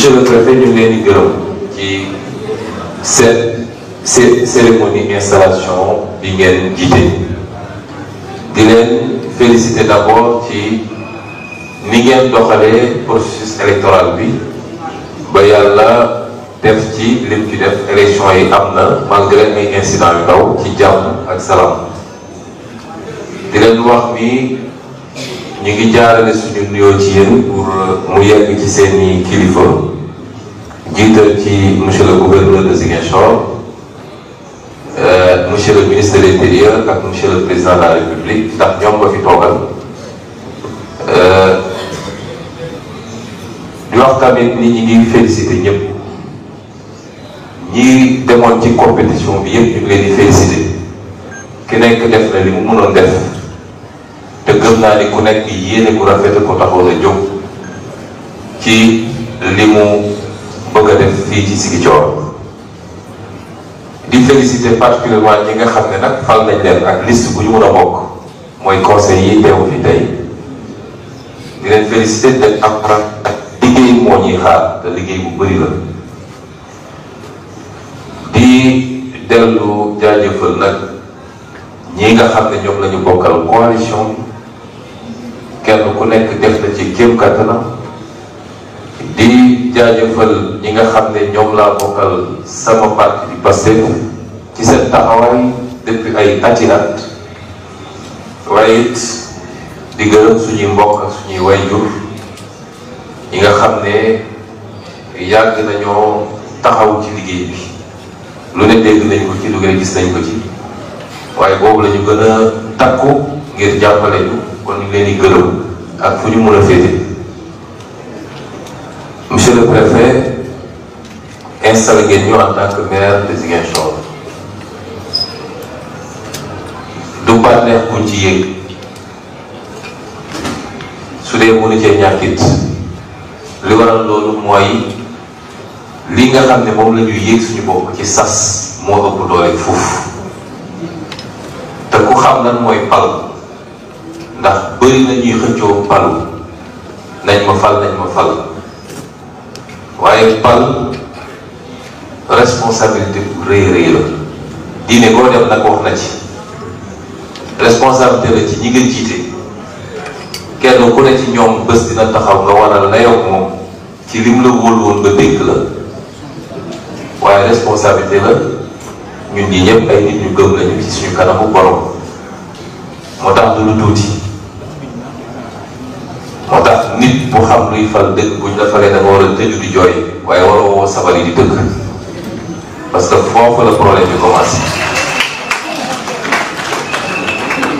monsieur le préfet ñu ngi gërëm ci seen installation bi ngeen jiite di leen féliciter ci ni ngeen doxalee processus électoral bi ba yàlla def ci lim ci def élection yi am na malgré ay incident yu ndaw ci jàmm ak salaam di leen wax ni ñu ngi jaarale suñu nuyoo ci yéen pour mu yegg ci seeni kilifa jiital ci monsieur le gouverneur de Ziguinchor euh, monsieur le ministre de l'intérieur ak monsieur le président de la république ndax ñoom fi toogal euh, di wax tamit ni ñi ngi félicité ñëpp ñi demoon ci compétition bi yëpp ñu ngi leen di félicité ki li mu mënoon def te gëm naa ni ku nekk yéene bu rafet ko taxoon a jóg ci li mu bëgg a def fii ci Ziguinchor di féliciter particulièrement ñi nga xam ne nag fal nañ leen ak liste ñu mën a bokk mooy conseil yi teew fi tey di leen féliciter te ak liggéey moo ñuy xaar te liggéey bu bëri la di dellu jaajëfal nag ñi nga xam ne ñoom la bokkal coalition kenn ku nekk def na ci kéem kattanam di jaajëfal ñi nga xam ne ñoom laa bokkal sama parti bi Pastef ci seen taxawaay depuis ay ati waaye it di gërëm suñuy mbokk ak suñuy wayjur ñi nga xam ne yàgg nañoo taxaw ci liggéey bi lu ne dégg nañ ko ci lu gën gis nañ ko ci waaye boobu lañu ñu gën a takku ngir jàppale ñu kon ñu leen di gërëm ak fu ñu mën a féete monsieur le préfet installé ngeen ñu en tant que maire de Ziguinchor du bànneex bu ci yéeg su dee mënu cee ñàkk it li waral loolu li nga xam ne moom la ñuy yéeg suñu bopp ci sas moo ëpp doole fuuf te ku xam lan mooy pal ndax bëri na ñuy xëccoo palu nañ ma fal nañ ma fal. waaye pal responsabilité bu rëy rëy la diine koo dem nag wax na ci responsabilité la ci ñi nga jiite kenn ku ne ci ñoom bés dina taxaw nga waral na yow moom ci lim la wóolu woon nga dénk la waaye responsabilité la ñun ñi ñëpp ay nit ñu gëm lañu suñu kanamu borom moo tax du lu tuuti nit bu xam luy fal dëkk buñ la falee da nga war a tëju di jooy waaye waroo woo sabar yi di dëkk parce que foofu la problème bi commencé.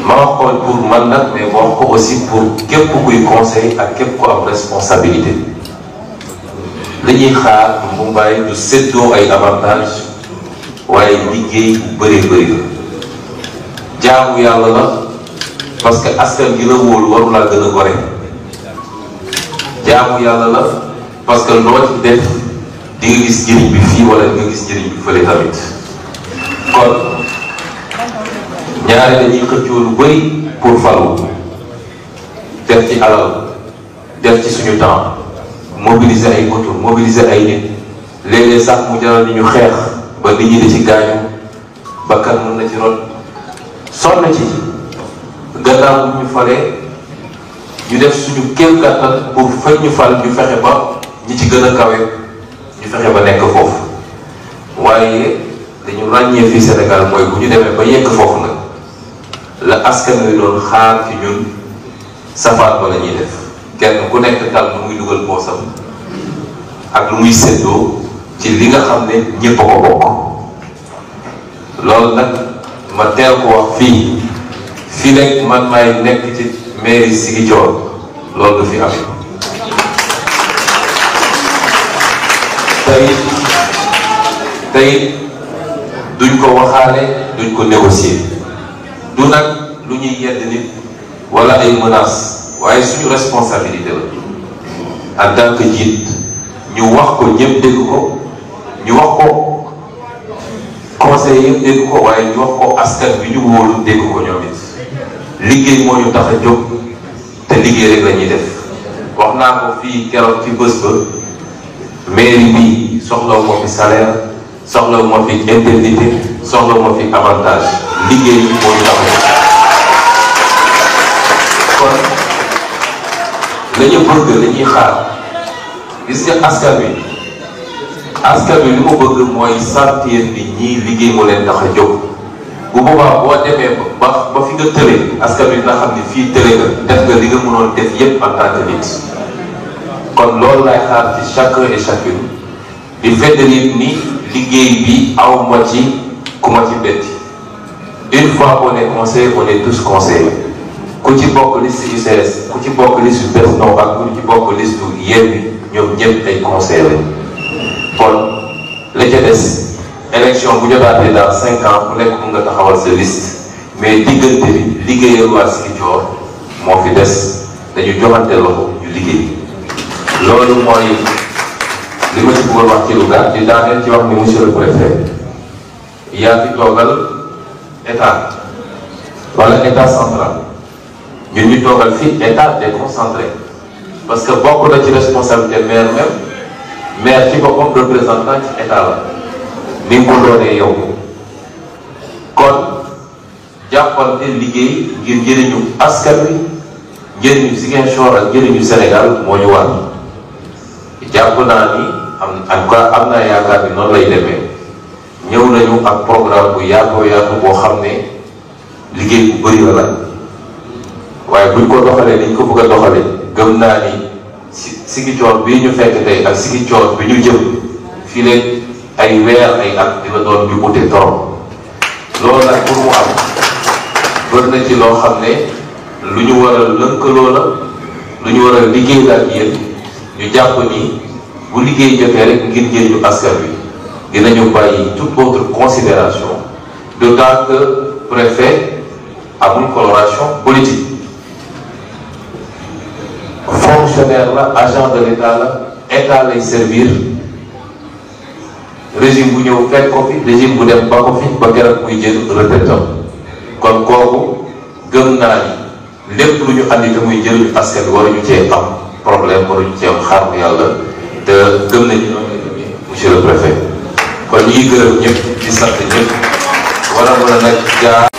ma wax ko pour man nag mais wax ko aussi pour képp kuy conseil ak képp ku am responsabilité li ñuy xaar Mumbaay du séddoo ay avantage waaye liggéey bu bëree bëri la jaamu yàlla la parce que askan gi wóolu waru gën a gore jaamu yàlla la parce que loo ci def di gis njëriñ bi fii wala di nga gis njëriñ bi fële tamit kon ñaari dañuy xëccoo lu bëri pour falu def ci alal def ci suñu temps mobiliser ay oto mobiliser ay nit léeg-léeg mu jaral ni ñu xeex ba nit ñi di ci gaañu bakkan mën na ci ron sonn ci gannaaw bu ñu falee ñu def suñu kéem kàttan pour fay ñu fal ñu fexe ba ñi ci gën a kawe ñu fexe ba nekk foofu waaye dañu ràññee fii Sénégal mooy bu ñu demee ba yegg foofu nag la askan wi doon xaar ci ñun safaat ba la def kenn ku nekk tal lu muy dugal poosam ak lu muy séddoo ci li nga xam ne ñëpp a ko bokk loolu nag ma teel ko wax fii fii rek man maay nekk ci mairie Ziguinchor loolu la fi am tey tey duñ ko waxaale duñ ko négocier du nag lu ñuy yedd nit wala ay menaces waaye suñu responsabilité la en tant jiit ñu wax ko ñëpp dégg ko ñu wax ko conseil yëpp dégg ko waaye ñu wax ko askan bi ñu wóolu dégg ko ñoom it liggéey moo tax a jóg seen liggéey rek la def wax naa ko fii keroog ci bés ba bi soxlaw ma fi salaire soxlaw ma fi indemnité soxlaw ma fi avantage liggéey moo ñu tax kon xaar gis nga askan wi askan wi li mu bëgg mooy sentir ni ñii liggéey mu leen tax a jóg bu boobaa boo demee ba ba fi nga tële askan wi nga xam ne fii tële nga def nga li nga mënoon def yépp en tant kon loolu laay xaar ci chacun et chacune di feddali ni liggéey bi aw ma ci ku ma ci betti une fois on est conseillé tous conseillés ku ci bokk liste UCS ku ci bokk liste Benno ak ku ci bokk liste Yewwi ñoom ñëpp ay conseillé lañ kon élection bu jotaatee dans cinq ans ku nekk nga taxawal sa mais diggante bi liggéeyal waa Ziguinchor moo fi des dañu joxante loxo ñu liggéey loolu mooy li ma ci bëggoon wax ci lu gàtt daaneel ci wax ni monsieur le yaa fi toogal état wala état central ñun ñu toogal fi état déconcentré parce que bokk na ci responsabilité maire même maire ci représentant ci état la bi nga ko doonee yow kon jàppal te liggéey ngir njëriñu askan wi njëriñu Ziguinchor ak njëriñu Sénégal moo ñu war jàpp naa ni am en tout cas am naa yaakaar ni noonu lay demee ñëw nañu ak programme bu yaatoo yaatu boo xam ne liggéey bu bëri waaye buñ ko doxalee niñ ko bëgg doxalee gëm naa ni si Ziguinchor bii ñu fekk tey ak Ziguinchor bi ñu jëm fii léegi. ay weer ay at dina doon ñu ute torop loolu nag pour mu na ci loo xam ne lu ñu war lënkaloo la lu ñu war liggéey la ak yéen ñu jàpp ni bu liggéey jotee rek ngir njëriñu askan wi dinañu bàyyi toute autre considération d'autant que préfet amul coloration politique fonctionnaire la agent de l'État la état lay servir régime bu ñëw fekk ko fi bu dem ba ko fi ba keroog muy jël retraitam kon kooku gëm naa ni lépp lu ñu andi te muy jëriñu askan waruñu cee am problème waruñu cee am xaar yàlla te gëm nañu noonu monsieur le préfet kon ñuy gërëm ñëpp di sant ñëpp wala wala nag jaar